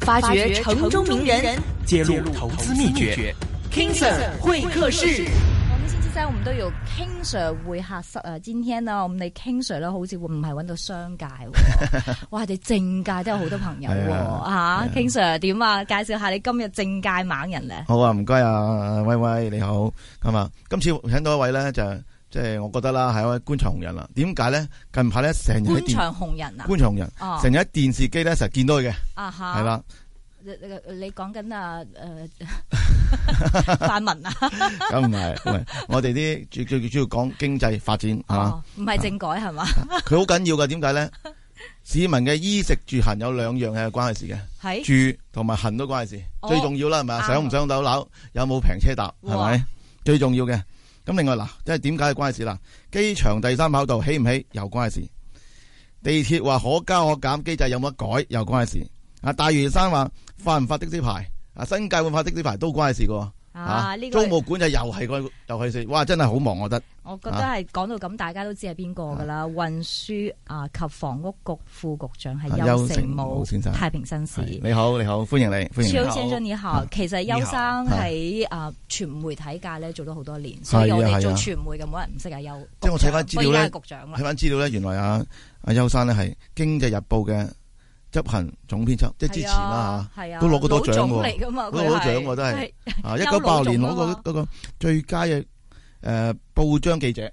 發掘城中名人，揭露投資秘訣。Kingsir 會客室，我們星期三我們都有 Kingsir 會客室啊。今天啊，我哋 Kingsir 咧好似會唔係揾到商界， 哇！你哋政界都有好多朋友喎，吓 Kingsir 點啊，啊 King Sir？介紹下你今日政界猛人咧。好啊，唔該啊，威威你好，咁啊，今次請到一位咧就。即係我覺得啦，係一位官場紅人啦。點解咧？近排咧成日喺電官場紅人啊！官場紅人，成日喺電視機咧，成日見到佢嘅。啊哈，係啦。你講緊啊誒泛民啊？咁唔係， 我哋啲最最主要講經濟發展啊。唔、哦、係政改係嘛？佢好緊要噶。點解咧？ 市民嘅衣食住行有兩樣嘢係關係事嘅。住同埋行都關係事，哦，最重要啦，係咪啊？上唔上到樓，有冇平車搭，係咪最重要嘅？咁另外嗱，即係點解嘅關事啦？機場第三跑道起唔起又關事，地鐵話可加可減機制有冇改又關事。啊，大嶼山話發唔發的士牌，啊新界會發的士牌都關事噶。啊，租、啊、務管就又係、啊這個又係事，哇！真係好忙我覺得。我覺得係講到咁，大家都知係邊個噶啦。運輸啊，運輸啊及房屋局副局長係邱誠武先生，太平紳士。你好，你好，歡迎你，歡迎你。超青春你好，其實邱生喺啊傳、啊啊、媒體界咧做咗好多年，所以我哋做傳媒嘅冇、啊啊、人唔識啊邱。即係我睇翻資料咧，睇翻資料咧，原來啊啊邱生咧係《經濟日報》嘅執行總編輯、啊，即係之前啦、啊、吓、啊啊，都攞過多獎嘅，攞過獎嘅都係啊一九八年攞過嗰個最佳嘅。誒、呃，報章記者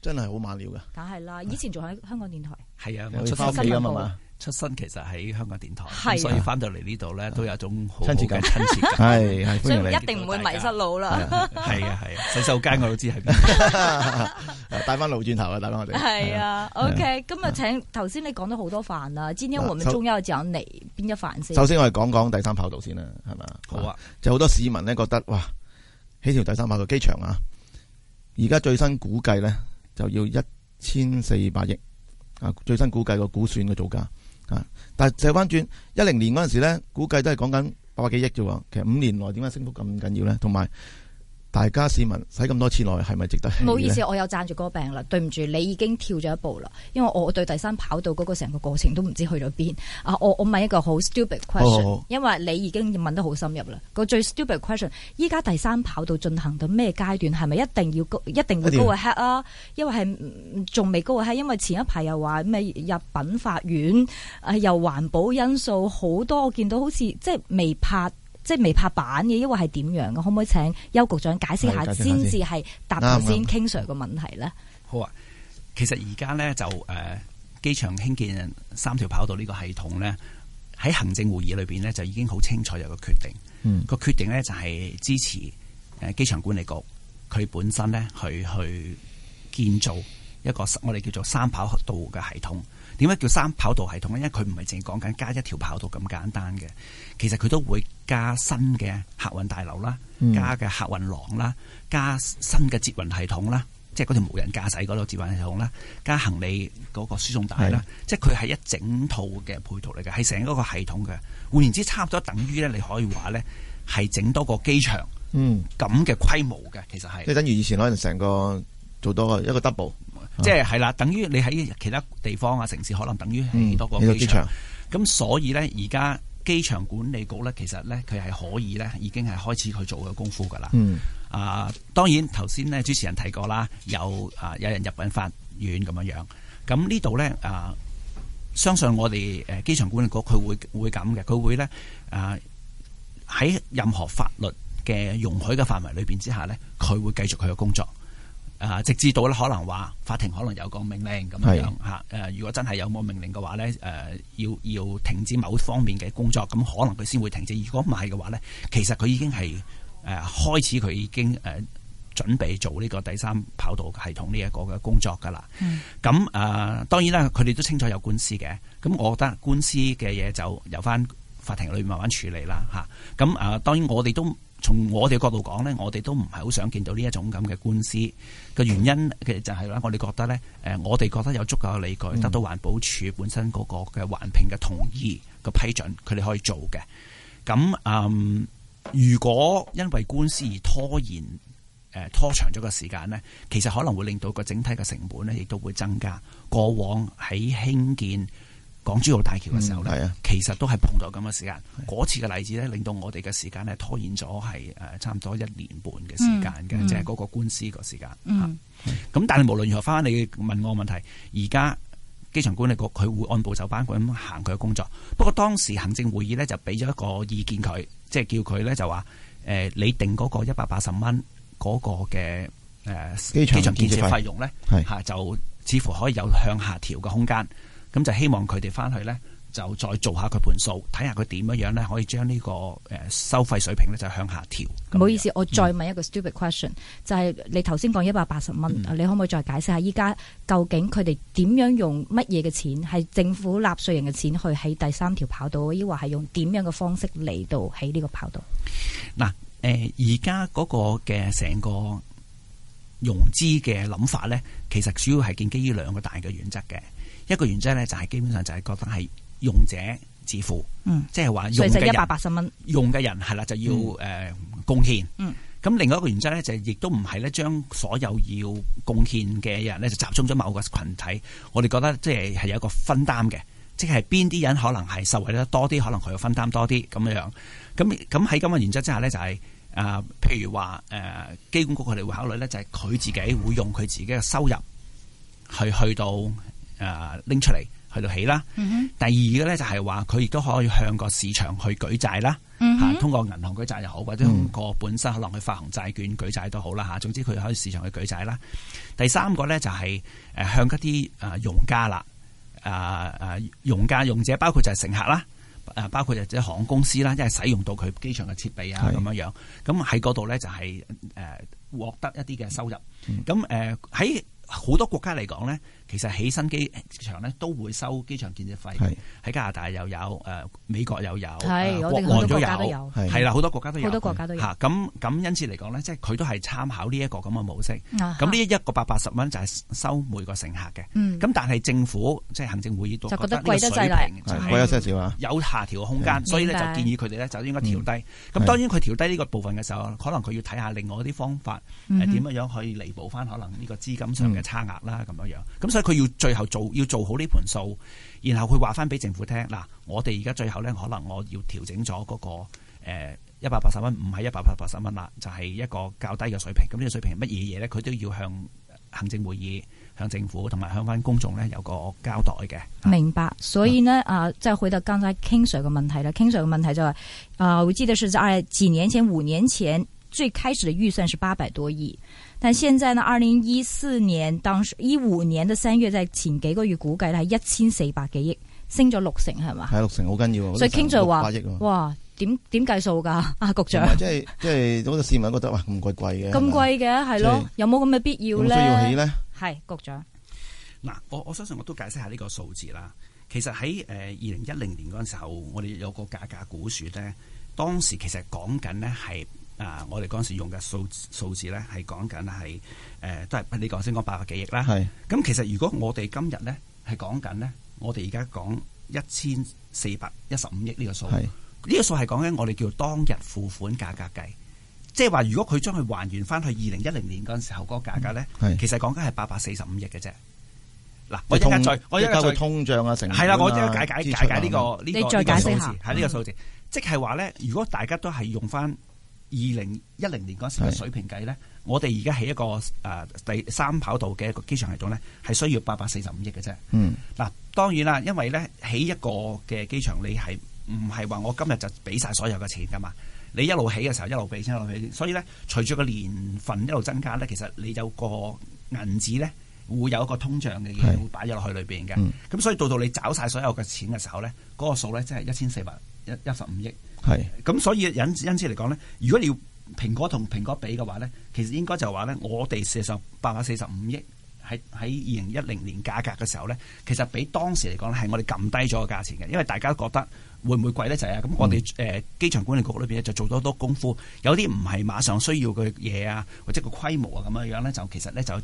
真係好猛料噶，梗係啦。以前仲喺香港電台，係啊，是啊我出翻料啊嘛。新出身其實喺香港電台，是啊、所以翻到嚟呢度咧，都有一種親切感。親切感係 一定唔會迷失路啦。係啊係啊，啊，啊，啊，啊，洗手間我都知喺邊， 帶翻路轉頭啊，帶翻我哋。係啊，OK。今日請頭先你講咗好多飯啦，今天我們、啊啊、中央想嚟邊一飯先？首先我哋講講第三跑道先啦，係咪？好啊，就好多市民咧覺得哇，起條第三跑道機場啊。而家最新估計咧，就要一千四百億啊！最新估計個估算嘅造價啊，但係寫翻轉一零年嗰陣時咧，估計都係講緊八百幾億啫喎。其實五年內點解升幅咁緊要咧？同埋。大家市民使咁多錢落去，係咪值得？唔好意思，我又贊住嗰個病啦。對唔住，你已經跳咗一步啦。因為我對第三跑道嗰個成個過程都唔知去到邊啊！我我問一個好 stupid question，、哦、因為你已經問得好深入啦。個最 stupid question，依家第三跑道進行到咩階段？係咪一定要高，一定要高個 heat 啊？因為係仲未高個 heat，因為前一排又話咩入品法院，又環保因素好多。我見到好似即係未拍。即係未拍板嘅，抑或係點樣嘅？可唔可以請邱局長解釋下，先至係答頭先 King Sir 嘅問題咧？好啊，其實而家咧就誒，機場興建三條跑道呢個系統咧，喺行政會議裏邊咧就已經好清楚有個決定。個、嗯、決定咧就係支持誒機場管理局佢本身咧去去建造一個我哋叫做三跑道嘅系統。點解叫三跑道系統咧？因為佢唔係淨係講緊加一條跑道咁簡單嘅，其實佢都會加新嘅客運大樓啦，嗯、加嘅客運廊啦，加新嘅捷運系統啦，即係嗰條無人駕駛嗰個捷運系統啦，加行李嗰個輸送帶啦，即係佢係一整套嘅配套嚟嘅，係成一個系統嘅。換言之，差唔多等於咧，你可以話咧係整多個機場咁嘅、嗯、規模嘅，其實係即等於以前可能成個做多一個 double。即係係啦，等於你喺其他地方啊、城市，可能等於係多個機場。咁、嗯這個、所以咧，而家機場管理局咧，其實咧，佢係可以咧，已經係開始去做嘅功夫噶啦、嗯。啊，當然頭先咧，主持人提過啦，有啊有人入稟法院咁樣樣。咁呢度咧啊，相信我哋誒機場管理局佢會會咁嘅，佢會咧啊喺任何法律嘅容許嘅範圍裏邊之下咧，佢會繼續佢嘅工作。啊，直至到咧，可能話法庭可能有個命令咁樣。如果真係有冇命令嘅話咧、呃，要要停止某方面嘅工作，咁可能佢先會停止。如果唔係嘅話咧，其實佢已經係誒、呃、開始，佢已經誒、呃、準備做呢個第三跑道系統呢一個嘅工作噶啦。咁誒、嗯呃，當然啦，佢哋都清楚有官司嘅。咁我覺得官司嘅嘢就由返法庭裏面慢慢處理啦。嚇、啊，咁、呃、誒，當然我哋都。從我哋角度講咧，我哋都唔係好想見到呢一種咁嘅官司嘅原因其實就係啦，我哋覺得咧，誒，我哋覺得有足夠嘅理據，得到環保署本身嗰個嘅環評嘅同意嘅批准，佢哋可以做嘅。咁嗯，如果因為官司而拖延誒拖長咗個時間咧，其實可能會令到個整體嘅成本咧，亦都會增加。過往喺興建。港珠澳大橋嘅時候咧、嗯啊,其實都係碰到咁嘅時間。嗰、啊、次嘅例子咧，令到我哋嘅時間咧拖延咗係誒差唔多一年半嘅時間嘅，即係嗰個官司個時間。嗯，咁、嗯、但係無論如何返返你問我的問題，而家機場管理局佢會按部就班咁行佢嘅工作。不過當時行政會議咧就俾咗一個意見佢，即、就、係、是、叫佢咧就話誒、呃、你定嗰個一百八十蚊嗰個嘅誒機場建設費用咧吓、啊、就似乎可以有向下調嘅空間。咁就希望佢哋翻去咧，就再做一下佢盤數，睇下佢點樣樣咧，可以將呢個誒收費水平咧就向下調。唔好意思，我再問一個 stupid question，、嗯、就係你頭先講一百八十蚊，嗯、你可唔可以再解釋下依家究竟佢哋點樣用乜嘢嘅錢，係政府納稅人嘅錢去喺第三條跑道，抑或係用點樣嘅方式嚟到喺呢個跑道？嗱，誒而家嗰個嘅成個融資嘅諗法咧，其實主要係建基於兩個大嘅原則嘅。一個原則咧就係基本上就係覺得係用者自付，嗯，即係話用嘅人，用嘅人係啦就要誒貢獻，嗯。咁、嗯、另外一個原則咧就係亦都唔係咧將所有要貢獻嘅人咧就集中咗某個群體，我哋覺得即係係有一個分擔嘅，即係邊啲人可能係受惠得多啲，可能佢要分擔多啲咁樣樣。咁咁喺咁嘅原則之下咧就係、是呃，譬如話誒，機管局佢哋會考慮咧就係佢自己會用佢自己嘅收入去去到。誒、啊、拎出嚟去到起啦、嗯。第二個咧就係話佢亦都可以向個市場去舉債啦、嗯啊。通過銀行舉債又好，或者個本身可能去發行債券舉債都好啦。嚇、啊，總之佢可以市場去舉債啦。第三個咧就係向一啲用家啦。用家用者包括就係乘客啦、啊。包括就係航空公司啦，即、啊、係使用到佢機場嘅設備樣那那、就是、啊咁樣咁喺嗰度咧就係誒獲得一啲嘅收入。咁喺好多國家嚟講咧。其實起新機場咧都會收機場建設費，喺加拿大又有，誒美國又有，係我哋好多國家都有，係啦，好多國家都有，好多國家都有嚇。咁咁因此嚟講咧，即係佢都係參考呢一個咁嘅模式。咁呢一個百八十蚊就係收每個乘客嘅。咁但係政府即係行政會議都覺得呢個水平貴咗少少啊，有下調嘅空間，所以咧就建議佢哋咧就應該調低。咁當然佢調低呢個部分嘅時候，可能佢要睇下另外啲方法誒點樣樣去彌補翻可能呢個資金上嘅差額啦咁樣樣。咁即係佢要最後做要做好呢盤數，然後佢話翻俾政府聽嗱，我哋而家最後咧可能我要調整咗嗰、那個誒一百八十蚊，唔係一百八十八十蚊啦，就係、是、一個較低嘅水平。咁、這、呢個水平係乜嘢嘢咧？佢都要向行政會議、向政府同埋向翻公眾咧有個交代嘅。明白。所以呢，嗯、啊，再回到剛才清水嘅問題啦。清水嘅問題就係、是、啊、呃，我記得是在幾年前、五年前最開始嘅預算是八百多億。但現在呢？二零一四年當時一五年嘅三月，在前幾個月估計係一千四百幾億，升咗六成係嘛？係六成好緊要的，所以傾咗話八億。哇，點點計數噶？啊，局長，即係即係，好多市民覺得哇，咁貴貴嘅，咁貴嘅係咯，有冇咁嘅必要呢有冇需要起呢係局長。嗱，我我相信我都解釋下呢個數字啦。其實喺誒二零一零年嗰陣時候，我哋有個價格估算咧，當時其實講緊咧係。啊！我哋嗰陣時用嘅數，數字數字咧，係講緊係誒，都係你剛先講八百幾億啦。係。咁其實如果我哋今日咧係講緊咧，我哋而家講一千四百一十五億呢個數，呢、呢個數係講緊我哋叫做當日付款價格計，即係話如果佢將佢還原翻去二零一零年嗰陣時候嗰個價格咧，其實講緊係八百四十五億嘅啫。嗱，我一一再，我一通脹啊，成係啦、啊啊，我都要解解解解呢、呢個呢、呢個這個數字，係、嗯、呢個數字，即係話咧，如果大家都係用翻。二零一零年嗰時嘅水平計咧，我哋而家起一個誒第、呃、三跑道嘅一個機場系統咧，係需要八百四十五億嘅啫。嗯，嗱當然啦，因為咧起一個嘅機場，你係唔係話我今日就俾晒所有嘅錢噶嘛？你一路起嘅時候，一路俾先，一路俾先。所以咧，隨住個年份一路增加咧，其實你有個銀紙咧，會有一個通脹嘅嘢會擺咗落去裏邊嘅。咁、嗯、所以到到你找晒所有嘅錢嘅時候咧，嗰、那個數咧即係一千四百一一十五億。係，咁所以引因此嚟講咧，如果你要蘋果同蘋果比嘅話咧，其實應該就話咧，我哋事實上八百四十五億，喺喺二零一零年價格嘅時候咧，其實比當時嚟講咧，係我哋撳低咗個價錢嘅，因為大家都覺得會唔會貴咧？就係啊，咁我哋誒機場管理局裏邊就做咗好多功夫，有啲唔係馬上需要嘅嘢啊，或者個規模啊咁樣樣咧，就其實咧就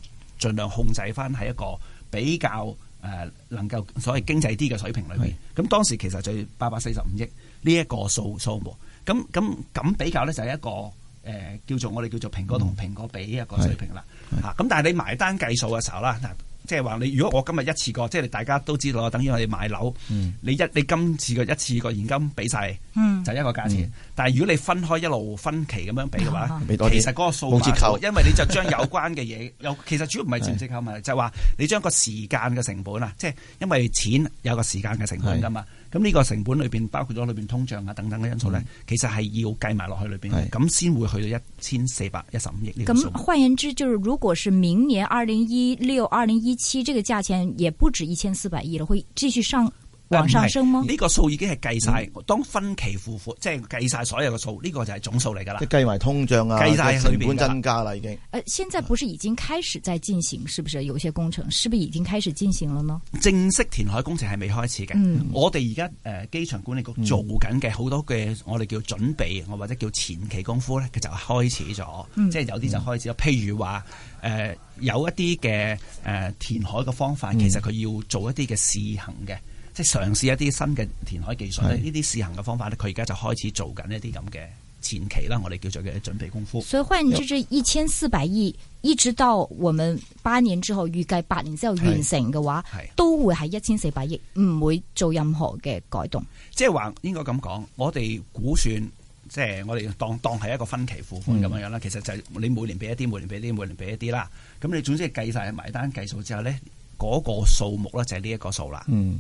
盡量控制翻喺一個比較誒能夠所謂經濟啲嘅水平裏面。咁當時其實就八百四十五億。呢、這、一個數數目，咁咁咁比較咧就係一個誒、呃、叫做我哋叫做蘋果同蘋果比一個水平啦吓。咁、嗯啊、但係你埋單計數嘅時候啦，嗱、就是，即係話你如果我今日一次過，即、就、係、是、大家都知道啊，等於我哋買樓，嗯、你一你今次個一次個現金俾晒、嗯，就是、一個價錢。嗯、但係如果你分開一路分期咁樣俾嘅話、嗯嗯，其實嗰個數冇折扣，因為你就將有關嘅嘢 有，其實主要唔係值唔值扣問題就係、是、話你將個時間嘅成本啊，即、就、係、是、因為錢有個時間嘅成本㗎嘛。咁、這、呢個成本裏面，包括咗裏面通脹啊等等嘅因素咧，嗯、其實係要計埋落去裏面。咁、嗯、先會去到一千四百一十五億呢個數。咁換言之，就係如果是明年二零一六、二零一七，這個價錢也不止一千四百億了，會繼續上。往上升嗎？呢、這個數已經係計晒，當分期付款即係計晒所有嘅數，呢、這個就係總數嚟噶啦即計埋通脹啊，成本增加啦，已經。誒，現在不是已經開始在進行，是不是？有些工程是不是已經開始進行了呢？正式填海工程係未開始嘅、嗯。我哋而家誒機場管理局做緊嘅好多嘅，我哋叫準備，我或者叫前期功夫咧，佢就開始咗、嗯，即係有啲就開始咗。譬、嗯、如話誒、呃、有一啲嘅誒填海嘅方法，其實佢要做一啲嘅試行嘅。即係嘗試一啲新嘅填海技術，呢啲試行嘅方法咧，佢而家就開始做緊一啲咁嘅前期啦。我哋叫做嘅準備功夫。所以，換言之，就一千四百億，一直到我們八年之後，預計八年之後完成嘅話是是，都會係一千四百億，唔會做任何嘅改動。即係話應該咁講，我哋估算，即、就、係、係、我哋當當係一個分期付款咁樣樣啦、嗯。其實就係你每年俾一啲，每年俾一啲，每年俾一啲啦。咁你總之計晒埋單計數之後咧，嗰、嗰個數目咧就係呢一個數啦。嗯。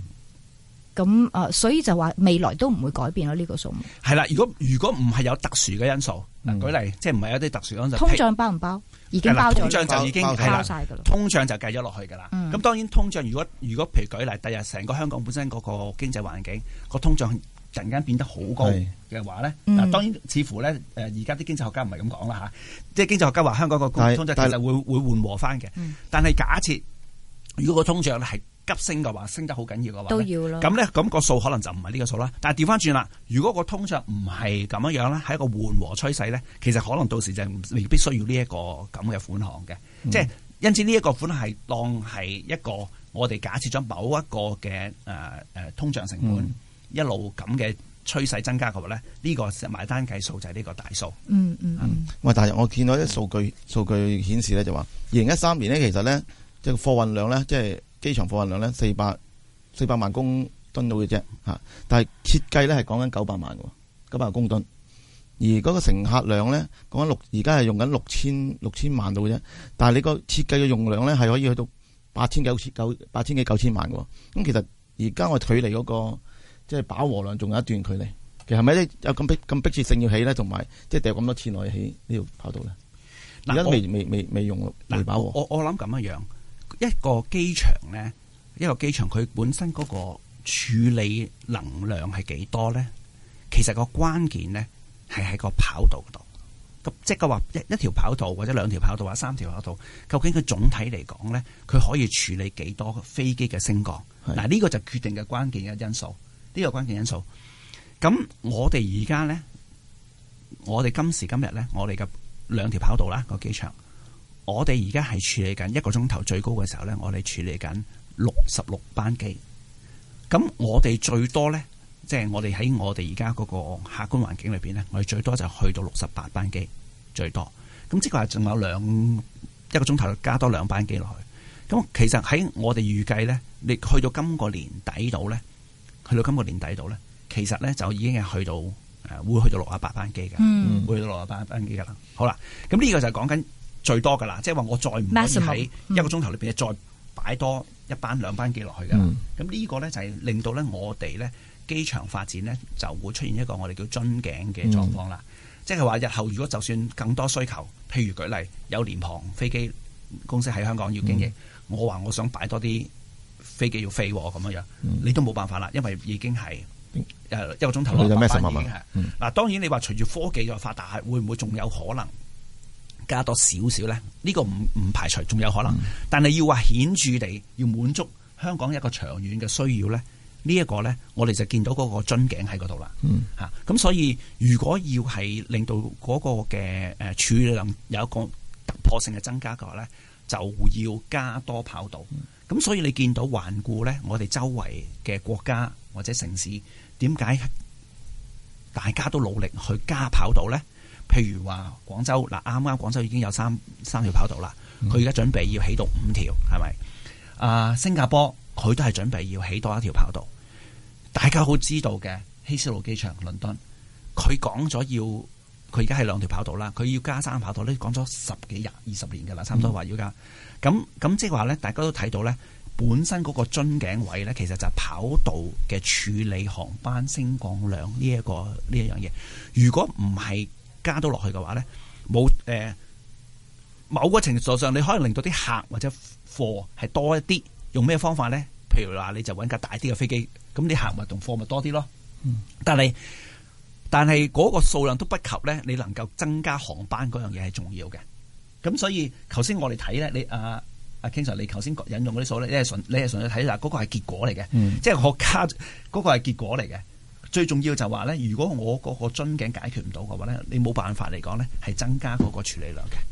咁啊，所以就話未來都唔會改變咗呢個數目。係啦，如果如果唔係有特殊嘅因素，嗱、嗯、舉例，即係唔係有啲特殊因素。通脹包唔包？已經包咗，通脹就已經包晒噶啦。通脹就計咗落去噶啦。咁、嗯、當然通脹，通脹如果如果譬如舉例如，第日成個香港本身嗰個經濟環境個通脹突然間變得好高嘅話咧，嗱、嗯，當然似乎咧誒，而家啲經濟學家唔係咁講啦吓，即係經濟學家話香港個通脹其實會會緩和翻嘅。但係、嗯、假設如果個通脹係。急升嘅話，升得好緊要嘅話，都要咯。咁咧，咁個數可能就唔係呢個數啦。但係調返轉啦，如果個通脹唔係咁樣樣咧，係一個緩和趨勢咧，其實可能到時就未必需要呢、這、一個咁嘅款項嘅、嗯。即係，因此呢一個款係當係一個我哋假設咗某一個嘅誒誒通脹成本、嗯、一路咁嘅趨勢增加嘅話咧，呢、這個埋單計數就係呢個大數。嗯嗯嗯。喂、嗯，但係我見到啲數據數據顯示咧、就是，就話二零一三年咧，其實咧即係貨運量咧，即係。機場貨運量咧，四百四百萬公噸到嘅啫，吓！但係設計咧係講緊九百萬，九百公噸。而嗰個乘客量咧，講緊六而家係用緊六千六千萬到嘅啫。但係你個設計嘅用量咧係可以去到八千九千九八千幾九千萬嘅。咁其實而家我距離嗰個即係飽和量仲有一段距離。其實係咪咧有咁逼咁迫切性要起咧？同埋即係掉咁多錢落去起呢條跑道咧？而家未未未未用咯，飽和。我我諗咁嘅樣。一個機場咧，一個機場佢本身嗰個處理能量係幾多咧？其實個關鍵咧係喺個跑道度。咁即係話一一條跑道或者兩條跑道或者三條跑道，究竟佢總體嚟講咧，佢可以處理幾多個飛機嘅升降？嗱，呢個就決定嘅關鍵嘅因素，呢個關鍵因素。咁我哋而家咧，我哋今時今日咧，我哋嘅兩條跑道啦，個機場。我哋而家係處理緊一個鐘頭最高嘅時候咧，我哋處理緊六十六班機。咁我哋最多咧，即係我哋喺我哋而家嗰個客觀環境裏邊咧，我哋最多就去到六十八班機最多。咁即係仲有兩一個鐘頭加多兩班機落去。咁其實喺我哋預計咧，你去到今個年底度咧，去到今個年底度咧，其實咧就已經係去到誒會去到六十八班機噶，會去到六十八班機噶啦，嗯。好啦，咁呢個就講緊。。最多噶啦，即係話我再唔可以喺一個鐘頭裏邊再擺多一班兩班機落去噶。咁、嗯、呢個咧就係令到咧我哋咧機場發展咧就會出現一個我哋叫樽頸嘅狀況啦。即係話日後如果就算更多需求，譬如舉例有廉航飛機公司喺香港要經營、嗯，我話我想擺多啲飛機要飛咁樣樣、嗯，你都冇辦法啦，因為已經係誒一個鐘頭內。有咩極限啊？嗱，當然你話隨住科技嘅發達，會唔會仲有可能？加多少少咧？呢、這個唔唔排除，仲有可能。嗯、但係要話顯著地要滿足香港一個長遠嘅需要咧，呢、這、一個咧，我哋就見到嗰個樽頸喺嗰度啦。吓、啊，咁所以如果要係令到嗰個嘅誒處理量有一個突破性嘅增加嘅話咧，就要加多跑道。咁、嗯、所以你見到環顧咧，我哋周圍嘅國家或者城市，點解大家都努力去加跑道咧？譬如話廣州嗱，啱啱廣州已經有三三條跑道啦，佢而家準備要起到五條，係咪？啊，新加坡佢都係準備要起多一條跑道。大家都知道嘅希斯路機場，倫敦佢講咗要，佢而家係兩條跑道啦，佢要加三跑道咧，講咗十幾日，二十年噶啦，差唔多話要加。咁、嗯、咁即係話咧，大家都睇到咧，本身嗰個樽頸位咧，其實就係跑道嘅處理航班升降量呢、這、一個呢一樣嘢。如果唔係，加到落去嘅話咧，冇誒，某個程度上你可以令到啲客或者貨係多一啲，用咩方法咧？譬如話你就揾架大啲嘅飛機，咁啲客物同貨咪多啲咯。嗯，但係但係嗰個數量都不及咧，你能夠增加航班嗰樣嘢係重要嘅。咁所以頭先我哋睇咧，你阿阿 King Sir 你頭先引用嗰啲數咧，你係純你係純粹睇啦，嗰個係結果嚟嘅，嗯，即係我加嗰個係結果嚟嘅。最重要就話呢，如果我嗰個樽頸解決唔到嘅話咧，你冇辦法嚟講咧，係增加嗰個處理量嘅。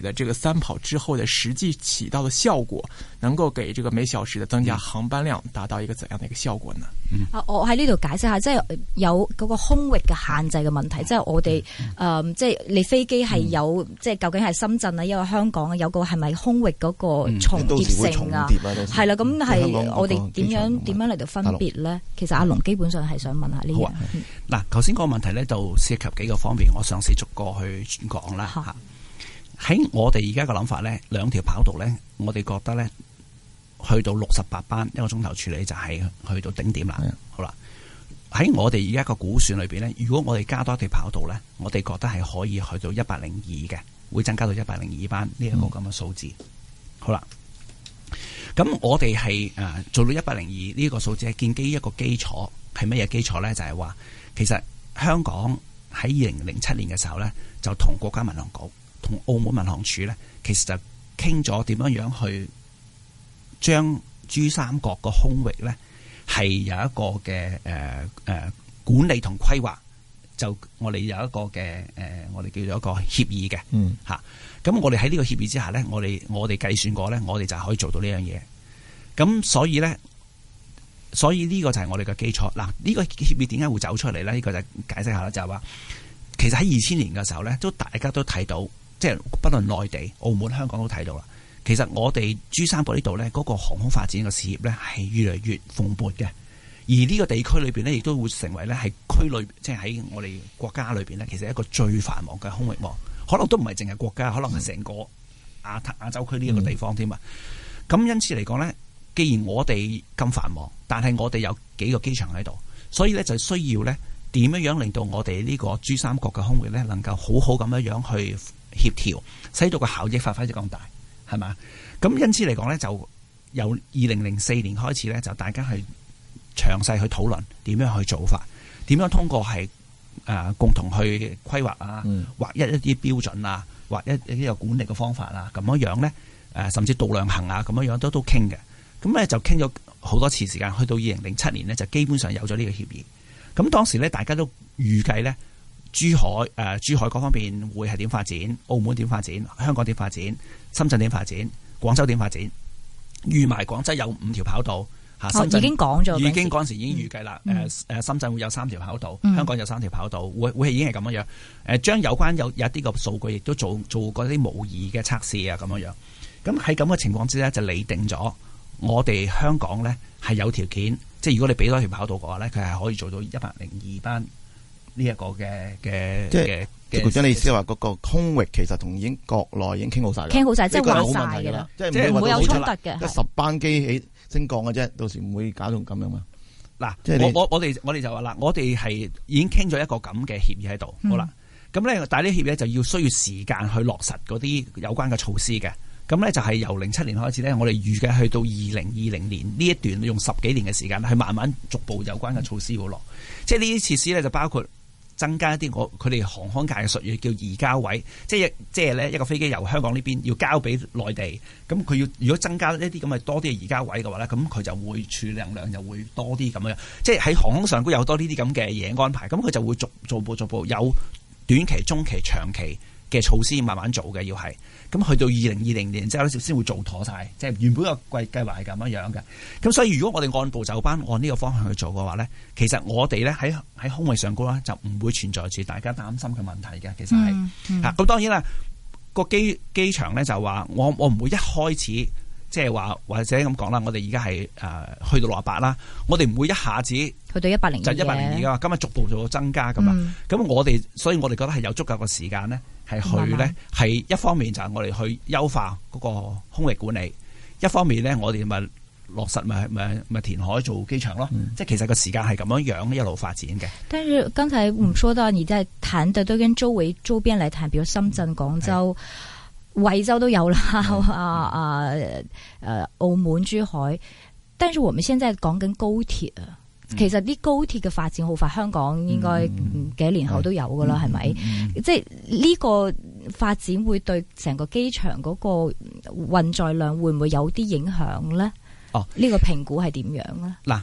的這個三跑之後的實際起到的效果，能夠給這個每小時的增加航班量、嗯、達到一個怎樣的一個效果呢？嗯、啊，我喺呢度解釋下，即、就、係、是、有嗰個空域嘅限制嘅問題，即、就、係、是、我哋誒，即、呃、係、就是、你飛機係有，即、嗯、係、嗯、究竟係深圳啊，因為香港啊，有個係咪空域嗰個重疊性、嗯、啊，係啦，咁係、啊、我哋點、嗯嗯、樣點樣嚟到分別呢？其實阿龍基本上係想問下呢、這個嗱，頭先嗰個問題呢，就涉及幾個方面，我想試逐個去轉講啦吓。喺我哋而家嘅諗法呢，兩條跑道呢，我哋覺得呢，去到六十八班一個鐘頭處理就係去到頂點啦。係好啦，喺我哋而家個估算裏邊呢，如果我哋加多一條跑道呢，我哋覺得係可以去到一百零二嘅，會增加到一百零二班呢一個咁嘅數字。嗯、好啦，咁我哋係誒做到一百零二呢個數字，係建基於一個基礎，係乜嘢基礎呢？就係話其實香港喺二零零七年嘅時候呢，就同國家民航局。同澳門民航處咧，其實就傾咗點樣樣去將珠三角個空域咧，係有一個嘅誒誒管理同規劃，就我哋有一個嘅誒、呃，我哋叫做一個協議嘅，嗯嚇、啊。咁我哋喺呢個協議之下咧，我哋我哋計算過咧，我哋就可以做到呢樣嘢。咁所以咧，所以呢個就係我哋嘅基礎。嗱，呢個協議點解會走出嚟咧？呢個就解釋下啦，就係話其實喺二千年嘅時候咧，都大家都睇到。即係不論內地、澳門、香港都睇到啦。其實我哋珠三角呢度呢嗰個航空發展嘅事業呢，係越嚟越蓬勃嘅。而呢個地區裏邊呢，亦都會成為呢係區內，即係喺我哋國家裏邊呢，其實一個最繁忙嘅空域網。可能都唔係淨係國家，可能係成個亞亞洲區呢一個地方添啊。咁、嗯、因此嚟講呢，既然我哋咁繁忙，但係我哋有幾個機場喺度，所以呢就需要呢點樣樣令到我哋呢個珠三角嘅空域呢，能夠好好咁樣樣去。協調，使到個效益發揮得更大，係嘛？咁因此嚟講咧，就由二零零四年開始咧，就大家去詳細去討論點樣去做法，點樣通過係誒、呃、共同去規劃啊，劃一一啲標準啊，劃一啲有管理嘅方法啊。咁樣樣咧誒，甚至度量衡啊，咁樣樣都都傾嘅。咁咧就傾咗好多次時間，去到二零零七年咧，就基本上有咗呢個協議。咁當時咧，大家都預計咧。珠海誒，珠海嗰方面會係點發展？澳門點發展？香港點發展？深圳點發，發展？廣州點發展？預埋廣州有五條跑道嚇、哦，已經講咗，已經嗰陣時已經預計啦。誒、嗯、誒，深圳會有三條跑道，嗯、香港有三條跑道，會會係已經係咁樣樣。誒將有關有有啲個數據亦都做做過啲模擬嘅測試啊，咁樣樣。咁喺咁嘅情況之下，就擬定咗我哋香港咧係有條件，即係如果你俾多條跑道嘅話咧，佢係可以做到一百零二班。呢、這、一個嘅嘅即係局長，你意思係話嗰個空域其實同已經國內已經傾好晒，傾好晒，即係話晒噶啦，即係唔會有衝突嘅。即十班機起升降嘅啫，到時唔會搞到咁樣嘛。嗱，我我我哋我哋就話啦，我哋係已經傾咗一個咁嘅協議喺度，好啦。咁咧，但係呢協議就要需要時間去落實嗰啲有關嘅措施嘅。咁咧就係由零七年開始咧，我哋預計去到二零二零年呢一段用十幾年嘅時間，去慢慢逐步有關嘅措施要落。嗯、即係呢啲設施咧就包括。增加一啲我佢哋航空界嘅術語叫移交位，即係即係咧一個飛機由香港呢邊要交俾內地，咁佢要如果增加一啲咁嘅多啲嘅移交位嘅話咧，咁佢就會處理能量就會多啲咁樣，即係喺航空上邊有多呢啲咁嘅嘢安排，咁佢就會逐逐步逐步有短期、中期、長期嘅措施要慢慢做嘅，要係。咁去到二零二零年之後咧，先會做妥晒。即係原本個計計劃係咁樣樣嘅。咁所以如果我哋按部就班，按呢個方向去做嘅話咧，其實我哋咧喺喺空位上高咧就唔會存在住大家擔心嘅問題嘅。其實係嚇，咁當然啦，個機機場咧就話我我唔會一開始。即係話或者咁講啦，我哋而家係誒去到六十八啦，我哋唔會一下子去到一百零，一百零二噶嘛，今日逐步做增加噶嘛。咁、嗯、我哋，所以我哋覺得係有足夠嘅時間咧，係去咧，係一方面就係我哋去優化嗰個空域管理，一方面咧我哋咪落實咪咪咪填海做機場咯。即、嗯、係其實個時間係咁樣樣一路發展嘅。但是剛才我們說到，你在談的都跟周圍周邊嚟談，比如深圳、廣州。惠州都有啦，啊啊誒，澳門、珠海，但是我們現在講緊高鐵啊，其實啲高鐵嘅發展好快，香港應該幾年後都有噶啦，係、嗯、咪、嗯嗯？即係呢個發展會對成個機場嗰個運載量會唔會有啲影響咧？哦，這個、評，呢個評估係點樣咧？嗱，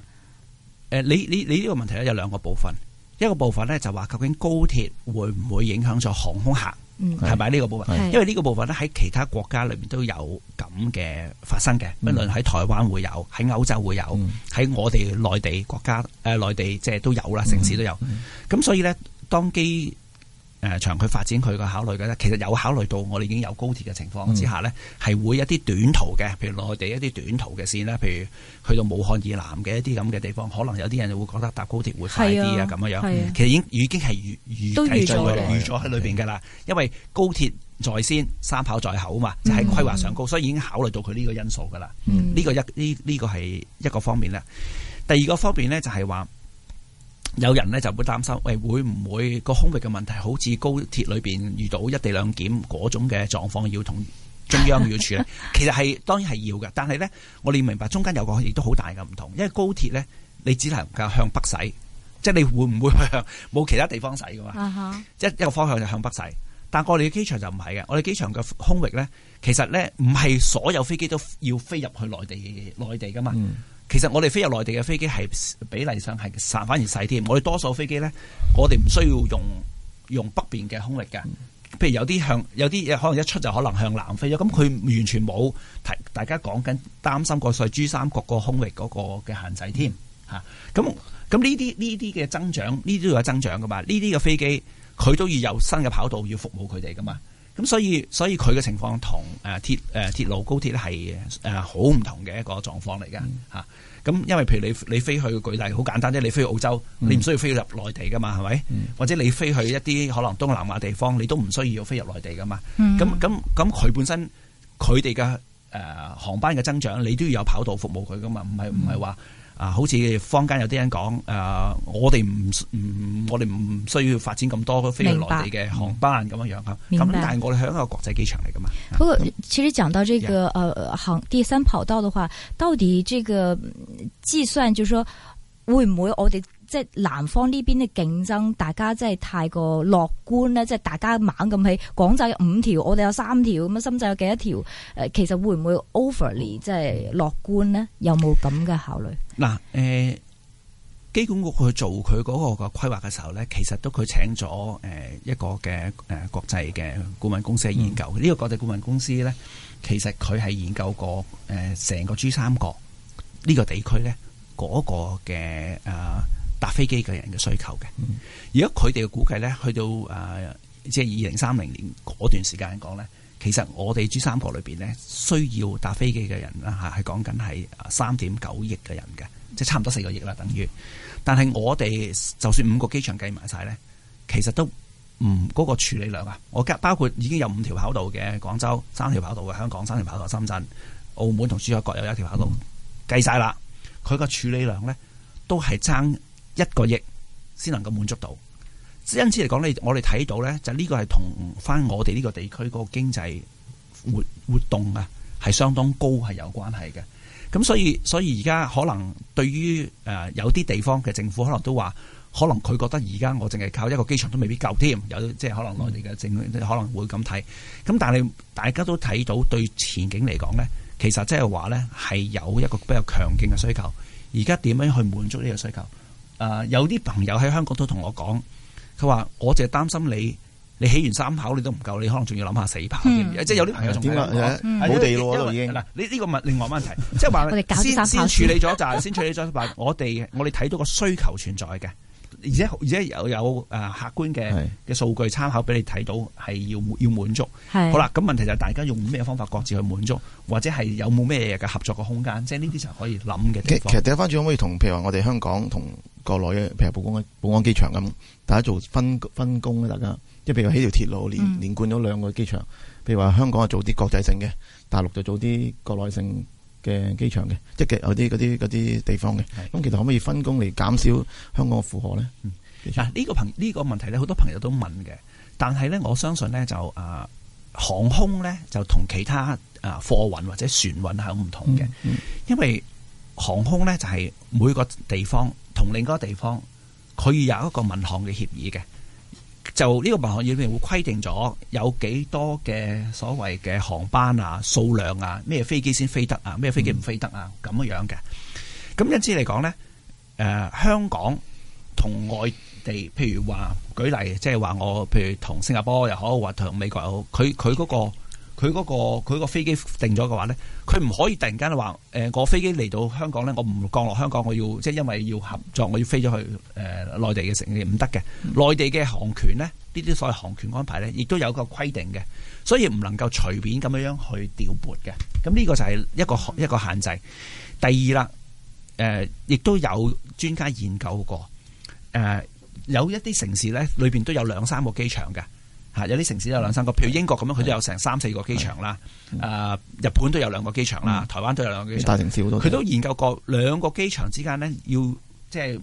誒，你你你呢個問題咧有兩個部分，一個部分咧就話究竟高鐵會唔會影響咗航空客？嗯，係咪呢個部分？因為呢個部分咧，喺其他國家裏面都有咁嘅發生嘅，不論喺台灣會有，喺歐洲會有，喺我哋內地國家誒內地即係都有啦，城市都有。咁所以咧，當機。誒、呃、長距離發展佢個考慮嘅咧，其實有考慮到我哋已經有高鐵嘅情況之下咧，係、嗯、會一啲短途嘅，譬如內地一啲短途嘅線啦，譬如去到武漢以南嘅一啲咁嘅地方，可能有啲人就會覺得搭高鐵會快啲啊咁樣、嗯、其實已已經係預預計咗喺裏邊嘅啦，因為高鐵在先，三跑在後啊嘛，就係、是、規劃上高，嗯、所以已經考慮到佢呢個因素㗎啦。呢、嗯、個一呢呢、呢個係一個方面啦。第二個方面咧就係話。有人咧就會擔心，喂，會唔會個空域嘅問題好似高鐵裏邊遇到一地兩檢嗰種嘅狀況，要同中央要處理？其實係當然係要嘅，但係咧，我哋要明白中間有個亦都好大嘅唔同，因為高鐵咧，你只能夠向北駛，即係你會唔會向冇其他地方駛㗎嘛？即係一個方向就向北駛，但係我哋嘅機場就唔係嘅，我哋機場嘅空域咧，其實咧唔係所有飛機都要飛入去內地內地嘅嘛。其實我哋飛入內地嘅飛機係比例上係細反而細添。我哋多數飛機咧，我哋唔需要用用北邊嘅空域嘅，譬如有啲向有啲可能一出就可能向南飛咗。咁佢完全冇提大家講緊擔心過，所以珠三角個空域嗰個嘅限制添嚇。咁咁呢啲呢啲嘅增長，呢啲都有增長噶嘛？呢啲嘅飛機佢都要有新嘅跑道要服務佢哋噶嘛？咁、嗯、所以所以佢嘅情況同誒鐵誒鐵路高鐵咧係誒好唔同嘅一個狀況嚟㗎吓。咁、嗯啊、因為譬如你你飛去舉例，好簡單啫，你飛去澳洲，嗯、你唔需要飛入內地噶嘛，係咪、嗯？或者你飛去一啲可能東南亞地方，你都唔需要飛入內地噶嘛。咁咁咁佢本身佢哋嘅誒航班嘅增長，你都要有跑道服務佢噶嘛，唔係唔係話。嗯啊，好似坊間有啲人講，誒，我哋唔唔，我哋唔需要發展咁多飛去內地嘅航班咁樣樣啊。咁但係我哋係一個國際機場嚟㗎嘛。不過其實講到呢、這個誒，航、呃、第三跑道嘅話，到底呢個計算，就係說會唔會我哋？即係南方呢邊嘅競爭，大家即係太過樂觀咧。即係大家猛咁喺廣州有五條，我哋有三條，咁啊深圳有幾多條？誒，其實會唔會 overly 即係樂觀呢？有冇咁嘅考慮？嗱、呃，誒機管局去做佢嗰個嘅規劃嘅時候咧，其實都佢請咗誒一個嘅誒國際嘅顧問公司研究呢、嗯、個國際顧問公司咧，其實佢係研究過誒成個珠三角呢個地區咧嗰個嘅誒。搭飛機嘅人嘅需求嘅，而家佢哋嘅估計咧，去到誒即係二零三零年嗰段時間講咧，其實我哋珠三角裏邊咧需要搭飛機嘅人啦嚇，係講緊係三點九億嘅人嘅，即係差唔多四個億啦，等於。但係我哋就算五個機場計埋晒咧，其實都唔嗰、嗯嗰個處理量啊！我包括已經有五條跑道嘅廣州，三條跑道嘅香港，三條跑道嘅深圳，澳門同珠海各有一條跑道，嗯、計晒啦，佢個處理量咧都係爭。一個億先能夠滿足到，因此嚟講，你我哋睇到呢就呢、是、個係同翻我哋呢個地區嗰個經濟活活動啊，係相當高，係有關係嘅。咁所以，所以而家可能對於誒、呃、有啲地方嘅政府可，可能都話，可能佢覺得而家我淨係靠一個機場都未必夠添。有即係可能我哋嘅政府、嗯、可能會咁睇。咁但係大家都睇到對前景嚟講呢，其實即係話呢係有一個比較強勁嘅需求。而家點樣去滿足呢個需求？誒、呃、有啲朋友喺香港都同我講，佢話我淨係擔心你，你起完三跑你都唔夠，你可能仲要諗下四跑。嗯嗯、即係有啲朋友仲要諗下，冇地嘅都已經。嗱，你 呢個問另外問題，即係話先 先處理咗就係先處理咗，但 係我哋我哋睇到個需求存在嘅。而且而且又有誒客觀嘅嘅數據參考俾你睇到，係要要滿足。係好啦，咁問題就係大家用咩方法各自去滿足，或者係有冇咩嘅合作嘅空間？即係呢啲就，是、就可以諗嘅。其實調翻轉可唔可以同譬如話我哋香港同國內嘅，譬如寶安寶安機場咁，大家做分分工咧、啊，大家即係譬如話起條鐵路連連貫咗兩個機場，嗯、譬如話香港係做啲國際性嘅，大陸就做啲國內性。嘅機場嘅，即係有啲嗰啲啲地方嘅，咁其實可唔可以分工嚟減少香港嘅負荷咧？嗱、嗯，呢、啊呢個朋呢、呢個問題咧，好多朋友都問嘅，但係咧，我相信咧就誒、啊、航空咧就同其他誒、啊、貨運或者船運係好唔同嘅、嗯嗯，因為航空咧就係、是、每個地方同另一個地方，佢要有一個民航嘅協議嘅。就呢個民航業會規定咗有幾多嘅所謂嘅航班啊、數量啊、咩飛機先飛得啊、咩飛機唔飛得啊咁樣樣嘅。咁因此嚟講咧，誒香港同外地，譬如話舉例，即係話我譬如同新加坡又好，或同美國又好，佢佢嗰個。佢嗰、嗰個佢個飛機定咗嘅話咧，佢唔可以突然間話、呃嗰個飛機嚟到香港咧，我唔降落香港，我，我要即係因為要合作，我要飛咗去誒內地嘅城市唔得嘅。內地嘅、嗯、航權咧，呢啲所謂航權安排咧，亦都有個規定嘅，所以唔能夠隨便咁樣去調撥嘅。咁呢個就係一個一個限制。第二啦，誒、呃、亦都有專家研究過，誒、呃、有一啲城市咧，裏面都有兩三個機場嘅。有啲城市有兩三個，譬如英國咁樣佢都有成三四個機場啦。誒、呃、日本都有兩個機場啦、嗯，台灣都有兩個機場，大城市好多。佢都研究過兩個機場之間咧，要即係、就是、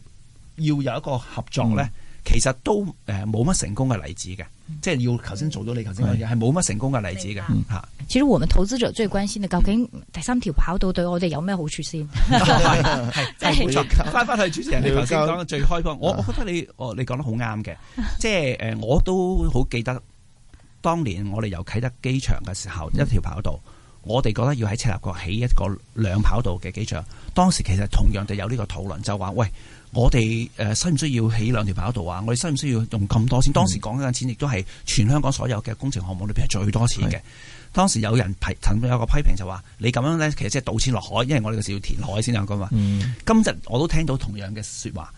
要有一個合作咧、嗯，其實都誒冇乜成功嘅例子嘅。嗯、即係要頭先做到你頭先講嘢，係冇乜成功嘅例子嘅吓、啊。其實我們投資者最關心嘅，究、嗯、竟第三條跑道對我哋有咩好處先？係冇錯。翻、嗯、翻、 就是、去主持人，你頭先講得最開放、嗯，我我覺得你哦，你講得好啱嘅。即係誒，我都好記得當年我哋由啟德機場嘅時候，嗯、一條跑道，我哋覺得要喺赤鱲角起一個兩跑道嘅機場。當時其實同樣就有呢個討論，就話，喂。我哋誒需唔需要起兩條跑道啊？我哋需唔需要用咁多錢？當時講緊嘅錢亦都係全香港所有嘅工程項目裏邊係最多錢嘅。當時有人曾經有個批評就話：你咁樣咧，其實即係倒錢落海，因為我哋嗰時要填海先有咁嘛。今日我都聽到同樣嘅説話。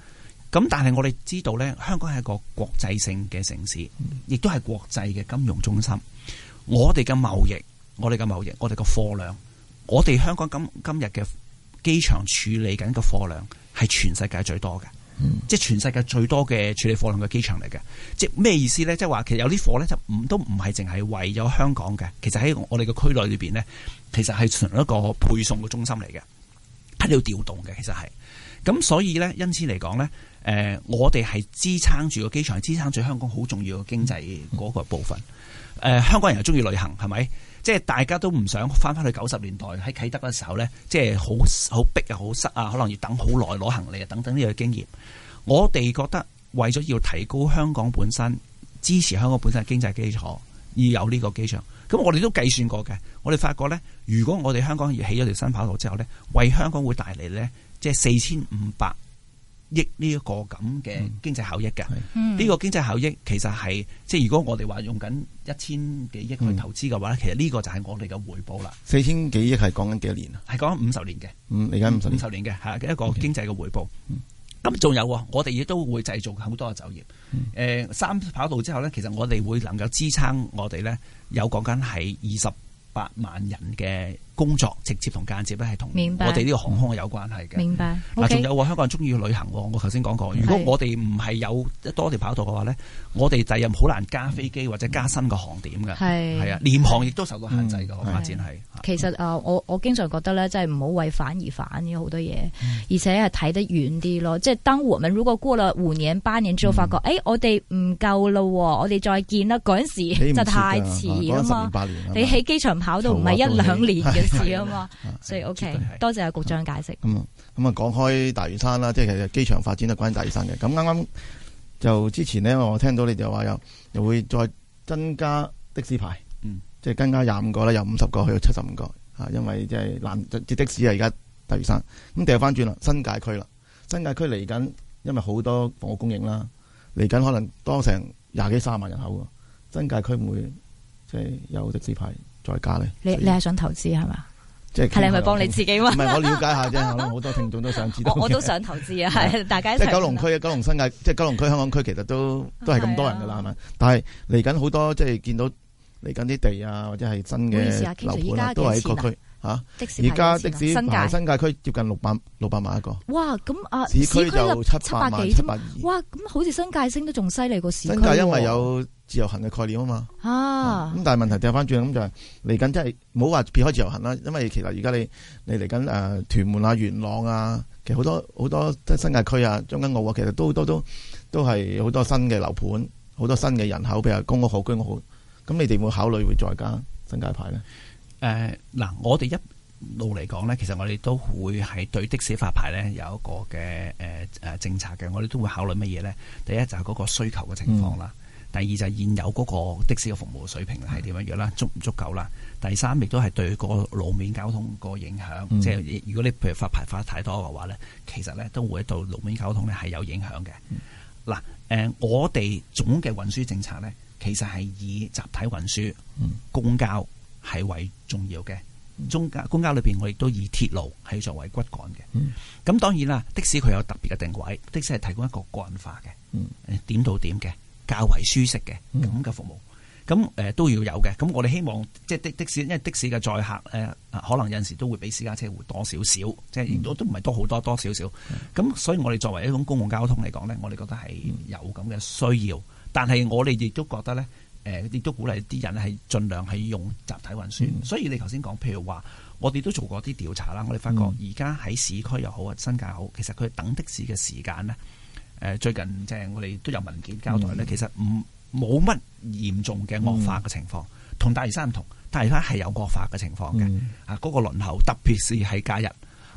咁但係我哋知道咧，香港係一個國際性嘅城市，亦都係國際嘅金融中心。我哋嘅貿易，我哋嘅貿易，我哋嘅貨量，我哋香港今今日嘅機場處理緊嘅貨量，係全世界最多嘅。嗯、即係全世界最多嘅處理貨量嘅機場嚟嘅。即係咩意思咧？即係話其實有啲貨咧就唔都唔係淨係為咗香港嘅，其實喺我哋嘅區內裏邊咧，其實係成一個配送嘅中心嚟嘅，喺度調動嘅其實係。咁所以咧，因此嚟講咧，誒、呃，我哋係支撐住個機場，支撐住香港好重要嘅經濟嗰個部分。誒、呃，香港人又中意旅行，係咪？即係大家都唔想翻翻去九十年代喺啟德嘅時候呢，即係好好逼啊、好塞啊，可能要等好耐攞行李啊等等呢樣經驗。我哋覺得為咗要提高香港本身支持香港本身嘅經濟基礎，要有呢個機場。咁我哋都計算過嘅，我哋發覺呢，如果我哋香港要起咗條新跑道之後呢，為香港會帶嚟呢，即係四千五百億呢一個咁嘅經濟效益嘅，呢、嗯這個經濟效益其實係即係，如果我哋話用緊一千幾億去投資嘅話咧、嗯，其實呢個就係我哋嘅回報啦。四千幾億係講緊幾多年啊？係講緊五十年嘅。五十年。五十年嘅吓、嗯、一個經濟嘅回報。咁、嗯、仲有，啊，我哋亦都會製造好多嘅就業。誒、嗯、呃，三跑道之後咧，其實我哋會能夠支撐我哋咧，有講緊係二十八萬人嘅。工作直接同間接咧係同我哋呢個航空係有關係嘅。明白嗱，仲有喎，香港人中意去旅行喎。我頭先講過，如果我哋唔係有多條跑道嘅話咧，我哋第日好難加飛機或者加新嘅航點嘅。係係啊，廉航亦都受到限制嘅發展係。其實啊，我我經常覺得咧，真係唔好為反而反嘅好多嘢，而且係睇得遠啲咯。即、嗯、係當我們如果過了五年、八年之後，發覺誒、嗯哎，我哋唔夠啦，我哋再建啦，嗰陣時就太遲啦嘛、啊那個。你起機場跑道唔係一兩年嘅。係啊嘛，所以 OK，多謝阿局長解釋。咁、 嗯、啊，咁、嗯、啊，講、嗯、開大嶼山啦，即係其實機場發展都關於大嶼山嘅。咁啱啱就之前咧，我聽到你就話又又會再增加的士牌，嗯，即係增加廿五個啦，有五十個去到七十五個啊，因為即係難接 的，的士啊，而家大嶼山咁掉翻轉啦，新界區啦，新界區嚟緊，因為好多房屋供應啦，嚟緊可能多成廿幾卅萬人口喎，新界區唔會即係有的士牌。再加你，你你係想投資係嘛？即係係你係咪幫你自己？唔係，我了解下啫。好 多聽眾都想知道。我我都想投資啊，係 大家即係、就是、九龍區、九龍新界、即、就、係、是、九龍區、香港區，其實都都係咁多人噶啦，係咪？但係嚟緊好多，即係見到嚟緊啲地啊，或者係新嘅樓盤、啊，都係一個區。吓、啊，而家的士同埋新，新界區接近六百六百萬一個。哇，咁、嗯、啊市區就七百萬、啊、市區就七百幾七百幾七百二哇，咁好似新界升得仲犀利過市區。新界因為有自由行嘅概念啊嘛。啊，咁、啊、但係問題掉翻轉，咁就係嚟緊真係唔好話撇開自由行啦，因為其實而家你你嚟緊誒屯門啊、元朗啊，其實好多好多即係新界區啊、將軍澳啊，其實都好多都都係好多新嘅樓盤，好多新嘅人口，譬如公屋好、居屋好、好，咁你哋會考慮會再加新界牌咧？誒，嗱，我哋一路嚟講咧，其實我哋都會係對的士發牌咧有一個嘅誒誒政策嘅，我哋都會考慮乜嘢咧？第一就係嗰個需求嘅情況啦，嗯，第二就係現有嗰個的士嘅服務水平係點樣樣啦，嗯，足唔足夠啦？第三亦都係對個路面交通個影響，嗯，即係如果你譬如發牌發得太多嘅話咧，其實咧都會對路面交通咧係有影響嘅。嗱，嗯，誒、呃，我哋總嘅運輸政策咧，其實係以集體運輸，嗯，公交。係為重要嘅。中交公交裏邊，我亦都以鐵路係作為骨幹嘅。咁當然啦，的士佢有特別嘅定位，的士係提供一個個人化嘅、點到點嘅、較為舒適嘅咁嘅服務。咁誒都要有嘅。咁我哋希望即係的的士，因為的士嘅載客咧，可能有陣時都會比私家車會多少少，即係都都唔係多好多多少少。咁所以我哋作為一種公共交通嚟講咧，我哋覺得係有咁嘅需要。但係我哋亦都覺得咧。誒，亦都鼓勵啲人咧，係盡量係用集體運輸、嗯。所以你頭先講，譬如話，我哋都做過啲調查啦，我哋發覺而家喺市區又好啊，新界好，其實佢等的士嘅時間呢。誒，最近即係我哋都有文件交代咧、嗯，其實唔冇乜嚴重嘅惡化嘅情況，同、嗯、大嶼山唔同，大嶼山係有惡化嘅情況嘅，啊、嗯，嗰、嗰個輪候特別是喺假日，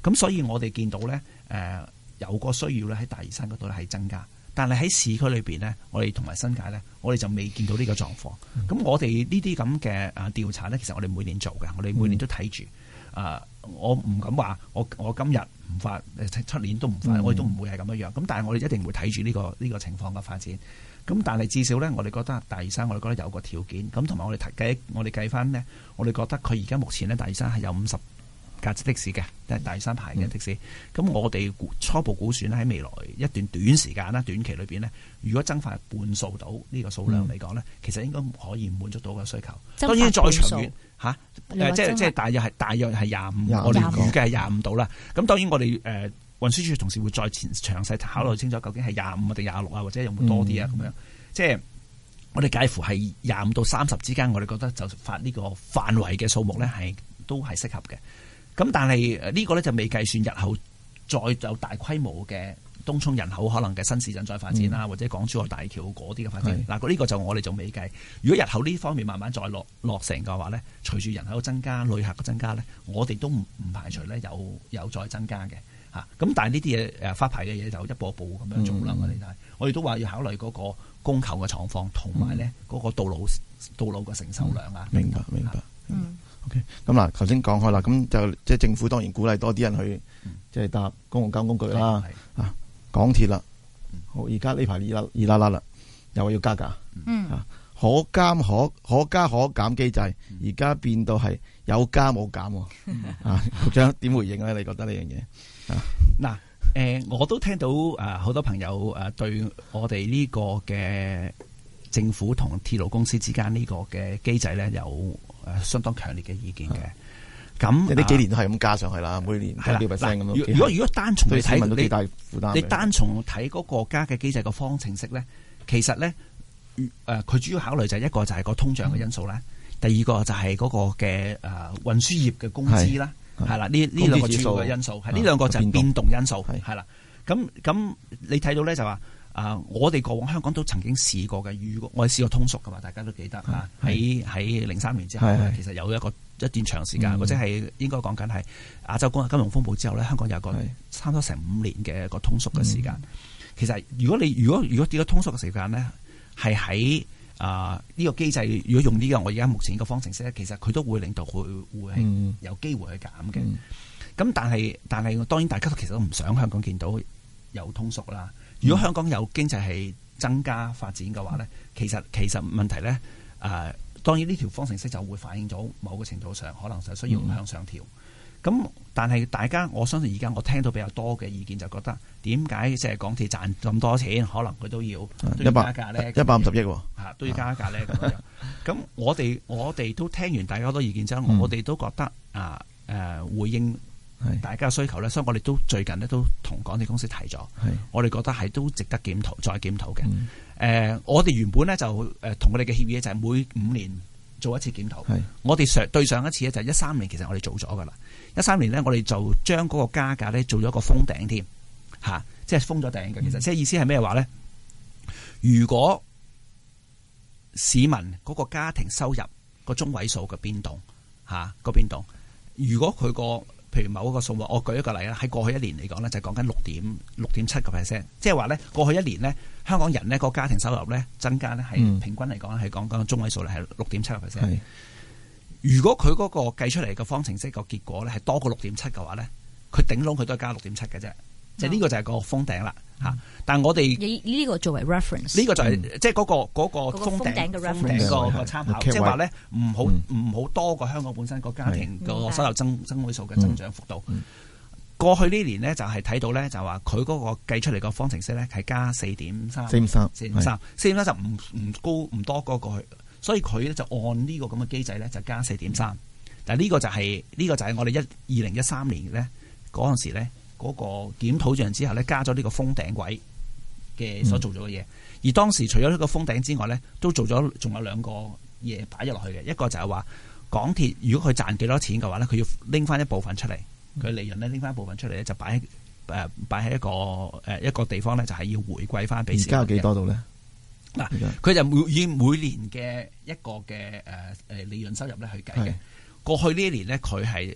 咁所以我哋見到咧，誒，有個需要咧喺大嶼山嗰度咧係增加。但係喺市區裏邊呢，我哋同埋新界呢，我哋就未見到呢個狀況。咁我哋呢啲咁嘅誒調查呢，其實我哋每年做嘅，我哋每年都睇住。啊、嗯呃，我唔敢話我我今日唔發誒出年都唔發，我哋都唔會係咁樣樣。咁、嗯、但係我哋一定會睇住呢個呢、呢個情況嘅發展。咁但係至少呢，我哋覺得大嶼山，我哋覺得有個條件咁，同埋我哋計我哋計返呢，我哋覺得佢而家目前呢，大嶼山係有五十。價值的士嘅，都係第三牌嘅的，的士。咁、嗯、我哋初步估算喺未來一段短時間啦、短期裏邊呢，如果增發半數到呢個數量嚟講呢，其實應該可以滿足到個需求增增。當然再長遠嚇，即係即係大約係大約係廿五，我哋預計係廿五度啦。咁當然我哋誒、呃、運輸署同事會再前詳細考慮清楚，究竟係廿五啊定廿六啊，或者有冇多啲啊咁、嗯、樣。即、就、係、是、我哋介乎係廿五到三十之間，我哋覺得就發呢個範圍嘅數目呢，係都係適合嘅。咁但係呢個咧就未計算日後再有大規模嘅東涌人口可能嘅新市鎮再發展啦、嗯，或者港珠澳大橋嗰啲嘅發展。嗱，呢、這個就我哋仲未計。如果日後呢方面慢慢再落落成嘅話咧，隨住人口增加、旅客嘅增加咧，我哋都唔排除咧有有，有再增加嘅嚇。咁、啊、但係呢啲嘢誒發牌嘅嘢就一步一步咁樣做啦。我哋都我哋都話要考慮嗰個供求嘅狀況，同埋咧嗰個道路、嗯、道路嘅承受量啊、嗯。明白、啊，明白，嗯。嗯 OK，咁嗱，頭先講開啦，咁就即係政府當然鼓勵多啲人去即係搭公共交通工具啦，啊、嗯，港鐵啦，好、嗯，而家呢排易拉拉啦啦啦，又話要加價、嗯，可加可可加可減機制，而、嗯、家變到係有加冇減， 啊，局長點回應咧？你覺得呢樣嘢？嗱，誒，我都聽到誒，好多朋友誒對我哋呢個嘅政府同鐵路公司之間呢個嘅機制咧有。相當強烈嘅意見嘅，咁呢幾年都係咁加上去啦，每年係啦，嗱，如果如果單從佢睇，你你單從睇嗰國家嘅機制嘅方程式咧、嗯，其實咧，誒、呃，佢主要考慮就係一個就係個通脹嘅因素啦、嗯，第二個就係嗰個嘅誒運輸業嘅工資啦，係啦，呢呢兩個主要嘅因素，係呢兩個就係變動因素，係啦，咁咁你睇到咧就話。啊！我哋過往香港都曾經試過嘅，如果我哋試過通縮嘅嘛，大家都記得嚇。喺喺零三年之後是其實有一個是一段長時間，是即係應該講緊係亞洲金融風暴之後咧，香港有個差唔多成五年嘅一個通縮嘅時間。是嗯、其實如果你如果如果跌到通縮嘅時間咧，係喺啊呢個機制，如果用呢、這、嘅、個，我而家目前個方程式咧，其實佢都會令到佢會係有機會去減嘅。咁、嗯嗯、但係但係當然大家其實都唔想香港見到香港有通縮啦。如果香港有經濟係增加發展嘅話咧、嗯，其實其實問題咧，誒、呃、當然呢條方程式就會反映到某個程度上，可能就需要向上調。咁、嗯、但係大家我相信而家我聽到比較多嘅意見就覺得，點解即係港鐵賺咁多錢，可能佢都要100，都要加價咧？一百五十億喎、啊，都要加價咧咁樣。咁、啊、我哋 我哋都聽完大家好多意見之後，我哋都覺得、嗯、啊誒回應。大家嘅需求咧，所以我哋都最近咧都同港鐵公司提咗。係我哋覺得係都值得檢討，再檢討嘅。誒、嗯呃，我哋原本咧就誒同佢哋嘅協議就係每五年做一次檢討。係我哋上對上一次咧就,了了就一三年、啊，其實我哋做咗噶啦。一三年咧我哋就將嗰個加價咧做咗個封頂添，吓，即係封咗頂嘅。其實即係意思係咩話咧？如果市民嗰個家庭收入個中位數嘅變動吓，個、啊、變動，如果佢個譬如某一個數目，我舉一個例啊。喺過去一年嚟講咧，就講緊六點六點七個 percent，即係話咧過去一年咧香港人咧個家庭收入咧增加咧係平均嚟講咧係講緊中位數咧係六點七個 percent。如果佢嗰個計出嚟嘅方程式個結果咧係多過六點七嘅話咧，佢頂籠佢都係加六點七嘅啫。呢、這個就係個封頂啦，嚇、嗯！但係我哋以呢個作為 reference，呢個就係、是嗯、即係嗰、那個封頂嘅 reference 參考，即係話咧唔好唔好多過香港本身個家庭個收入增增位數嘅增長幅度。嗯嗯、過去呢年咧就係睇到咧就話佢嗰個計出嚟個方程式咧係加四點三，四點三，四點三，四點三就唔唔高唔多過過去，所以佢咧就按呢個咁嘅機制咧就加四點三。但係呢個就係、是、呢、這個就係我哋一二零一三年咧嗰陣時咧。嗰、那個檢討像之後咧，加咗呢個封頂位嘅所做咗嘅嘢。而當時除咗呢個封頂之外咧，都做咗仲有兩個嘢擺咗落去嘅。一個就係話港鐵如果佢賺幾多錢嘅話咧，佢要拎翻一部分出嚟，佢利潤咧拎翻一部分出嚟咧，就擺喺、呃、一個、呃、一個地方咧，就係要回饋翻俾而家幾多度咧？嗱、啊，佢就每以每年嘅一個嘅、呃、利潤收入咧去計嘅。過去呢一年咧，佢係誒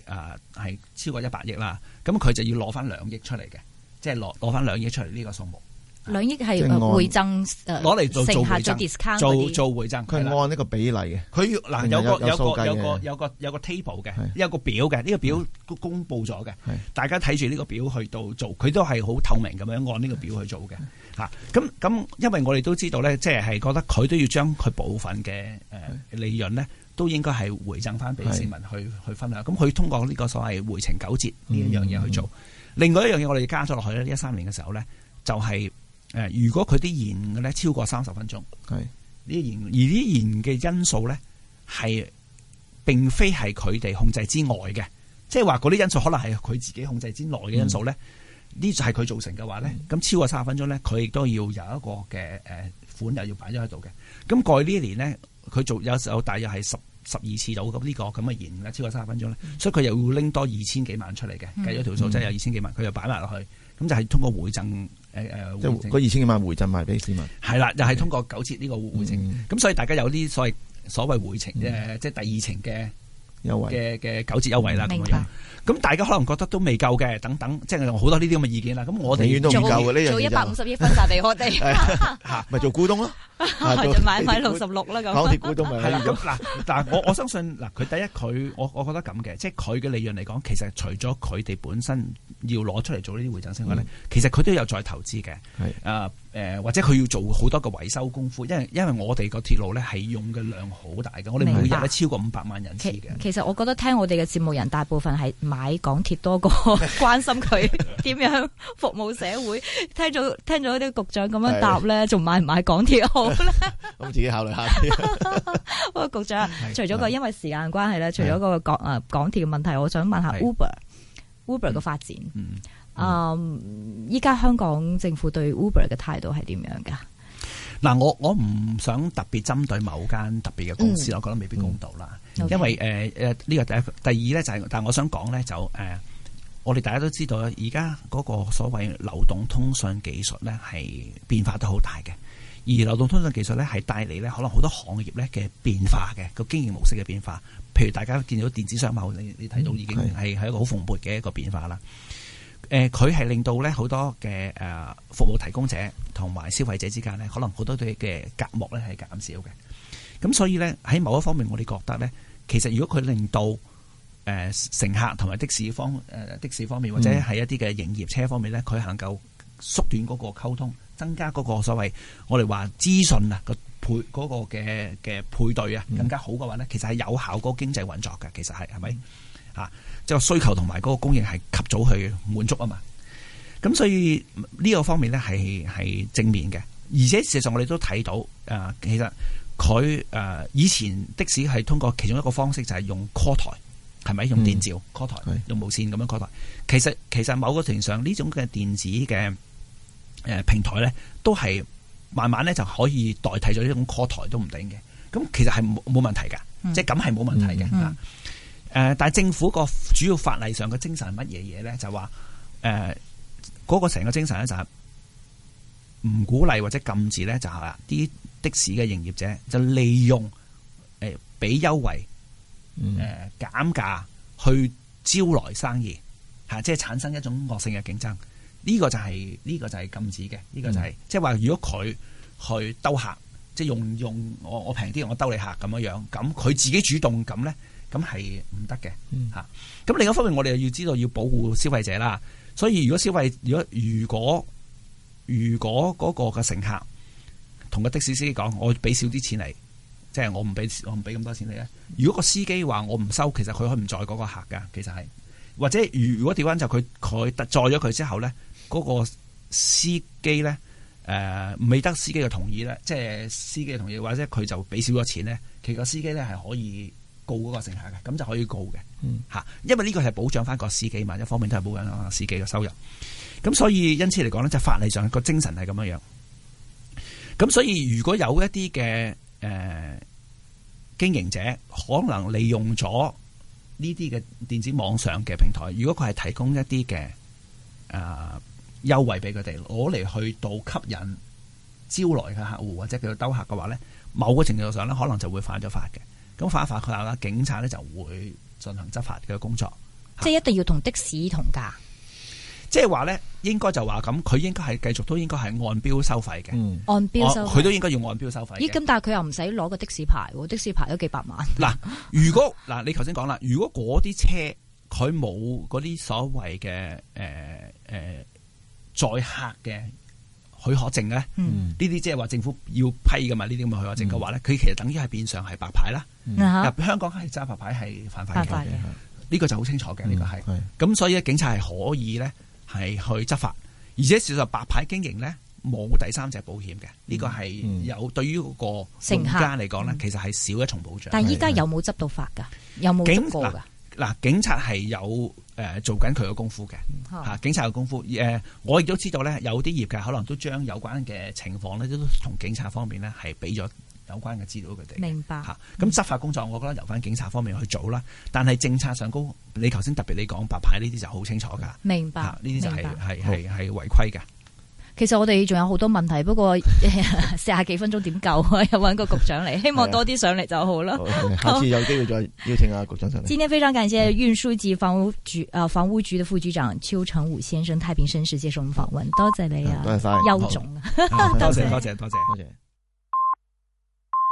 係超過一百億啦。咁佢就要攞翻兩億出嚟嘅，即係攞攞翻兩億出嚟呢個數目。兩億係回贈，攞嚟做做回贈。做做回贈，佢按呢個比例嘅。佢嗱有個有個有個有個有個 table 嘅，有個表嘅。呢個表公公布咗嘅，大家睇住呢個表去到做，佢都係好透明咁樣按呢個表去做嘅。嚇，咁咁，因為我哋都知道咧，即係係覺得佢都要將佢部分嘅誒利潤咧。都應該係回贈翻俾市民去去，去分享。咁佢通過呢個所謂回程九折呢一樣嘢去做，嗯嗯。另外一樣嘢，我哋加咗落去咧，一三年嘅時候咧，就係、是、誒、呃，如果佢啲延嘅咧超過三十分鐘，呢延而啲延嘅因素咧係並非係佢哋控制之外嘅，即係話嗰啲因素可能係佢自己控制之內嘅因素咧，呢、嗯、就係佢造成嘅話咧，咁、嗯嗯、超過三十分鐘咧，佢亦都要有一個嘅誒、呃、款又要擺咗喺度嘅。咁過去呢一年咧。佢做有時候大約係十十二次到，咁呢個咁嘅延誤啦，超過三十分鐘咧、嗯，所以佢又要拎多二千幾萬出嚟嘅，計咗條數，真、嗯、係、嗯就係、有二千幾萬，佢又擺埋落去，咁、嗯、就係通過回贈誒誒，即係嗰二千幾萬回贈埋俾市民，係啦，又、嗯、係、就係、通過九折呢個回贈，咁、嗯、所以大家有啲所謂所謂回程嘅，即係第二程嘅。優惠嘅嘅九折優惠啦，咁大家可能覺得都未夠嘅，等等，即係好多呢啲咁嘅意見啦。咁我哋都唔夠嘅，呢樣嘢做一百五十億分地，我哋吓咪做股、這個 啊、 東咯， 啊啊、就買買六十六啦咁。講啲股東咪係咁嗱，啊、 但係我我相信嗱，佢第一佢我我覺得咁嘅，即係佢嘅利潤嚟講，其實除咗佢哋本身要攞出嚟做呢啲回贈之外咧，嗯、其實佢都有再投資嘅。係啊。誒，或者佢要做好多個維修功夫，因為因為我哋個鐵路咧係用嘅量好大嘅，我哋每日都超過五百萬人次嘅。其實我覺得聽我哋嘅節目人大部分係買港鐵多過關心佢點樣服務社會。 聽咗聽咗啲局長咁樣答咧，仲買唔買港鐵好咧？咁 自己考慮下。不過，局長，除咗個因為時間關係咧，除咗個港港鐵嘅問題，我想問下 Uber，Uber 嘅 Uber 發展。嗯啊、嗯！依家香港政府對 Uber 嘅態度係點樣噶？嗱，我我唔想特別針對某間特別嘅公司、嗯，我覺得未必公道啦、嗯嗯。因為誒誒，呢、Okay. 呃這個第一、第二咧就係、是，但係我想講咧就誒、呃，我哋大家都知道，而家嗰個所謂流動通信通訊技術咧係變化都好大嘅，而流動通訊技術咧係帶嚟咧可能好多行業咧嘅變化嘅個經營模式嘅變化，譬如大家見到電子商貿，你睇到已經係係一個好蓬勃嘅一個變化啦。嗯誒，佢係令到咧好多嘅誒服務提供者同埋消費者之間咧，可能好多對嘅隔膜咧係減少嘅。咁所以咧喺某一方面，我哋覺得咧，其實如果佢令到誒乘客同埋的士方誒的士方面或者喺一啲嘅營業車方面咧，佢係能夠縮短嗰個溝通，增加嗰個所謂我哋話資訊啊個配嗰個嘅嘅配對啊更加好嘅話咧，其實係有效嗰個經濟運作嘅，其實係係咪吓？即係需求同埋嗰個供應係及早去滿足啊嘛，咁所以呢個方面咧係係正面嘅，而且事實上我哋都睇到誒，其實佢誒以前的士係通過其中一個方式就係用 call 台，係咪用電召 call 台、嗯、用無綫咁樣 call 台？其實其實某個程度上呢種嘅電子嘅誒平台咧，都係慢慢咧就可以代替咗呢種 call 台都唔定嘅，咁其實係冇冇問題噶，嗯，即係咁係冇問題嘅。誒，但係政府個主要法例上嘅精神係乜嘢嘢咧？就話誒，嗰個成個精神咧就係唔鼓勵或者禁止咧，就係啲的士嘅營業者就利用誒俾優惠誒減價去招來生意，吓、嗯，即係產生一種惡性嘅競爭。呢個就係，呢個就係禁止嘅，呢個就係，嗯，即係話如果佢去兜客，即係用用我我平啲，我兜你客咁樣樣，咁佢自己主動咁咧。咁係唔得嘅，吓。咁、嗯啊、另一方面，我哋又要知道要保護消費者啦。所以如果消費，如果如果如果個嘅乘客同個的士司機講，我俾少啲錢你，即係我唔俾我唔俾咁多錢你咧。如果個司機話我唔收，其實佢可以唔載嗰個客噶。其實係或者如果調翻就佢佢載咗佢之後咧，嗰個司機咧誒未得司機嘅同意咧，即係司機嘅同意，或者佢就俾少咗錢咧，其實個司機咧係可以。告嗰個乘客嘅，咁就可以告嘅，吓、嗯，因為呢個係保障翻個司機嘛，一方面都係保障司機嘅收入，咁所以因此嚟講呢就法理上個精神係咁樣樣，咁所以如果有一啲嘅誒經營者可能利用咗呢啲嘅電子網上嘅平台，如果佢係提供一啲嘅誒優惠俾佢哋，攞嚟去到吸引招來嘅客戶或者叫做兜客嘅話呢，某個程度上呢，可能就會犯咗法嘅。咁犯一犯佢啦，警察咧就會進行執法嘅工作。即係一定要同的士同價。即係話咧，應該就話咁，佢應該係繼續都應該係按標收費嘅，嗯。按標收費，佢、哦、都應該要按標收費。咦？咁但係佢又唔使攞個的士牌，的士牌都幾百萬。嗱，如果嗱你頭先講啦，如果嗰啲車佢冇嗰啲所謂嘅誒，呃呃、載客嘅。許可證咧，呢啲即係話政府要批噶嘛？呢啲咁嘅許可證嘅話咧，佢、嗯、其實等於係變相係白牌啦。入、嗯、香港係揸白牌係犯法嘅，呢、這個就好清楚嘅。呢、嗯這個係，咁所以咧警察係可以咧係去執法，而且事實上白牌經營咧冇第三者保險嘅，呢、嗯這個係有、嗯、對於嗰個家講乘客嚟講咧，其實係少一重保障。但係依家有冇執到法噶？有冇警告噶？嗱、啊啊，警察係有。誒、呃、做緊佢嘅功夫嘅、嗯啊、警察嘅功夫、呃、我亦都知道咧，有啲業界可能都將有關嘅情況咧，都同警察方面咧係俾咗有關嘅資料佢哋。明白咁、啊、執法工作，我覺得由返警察方面去做啦。但係政策上高，你頭先特別你講白牌呢啲就好清楚㗎。明白，呢、啊、啲就係係係係違規㗎。其實我哋仲有好多問題，不過 四十幾分鐘點夠啊？ 又揾個局長嚟，希望多啲上嚟就好啦。下次有機會再邀請阿局長上嚟。今天非常感謝運輸及房屋局啊，房屋局的副局長邱誠武先生，太平紳士接受我們訪問，多謝你啊，邱總， 多謝多謝多謝。多謝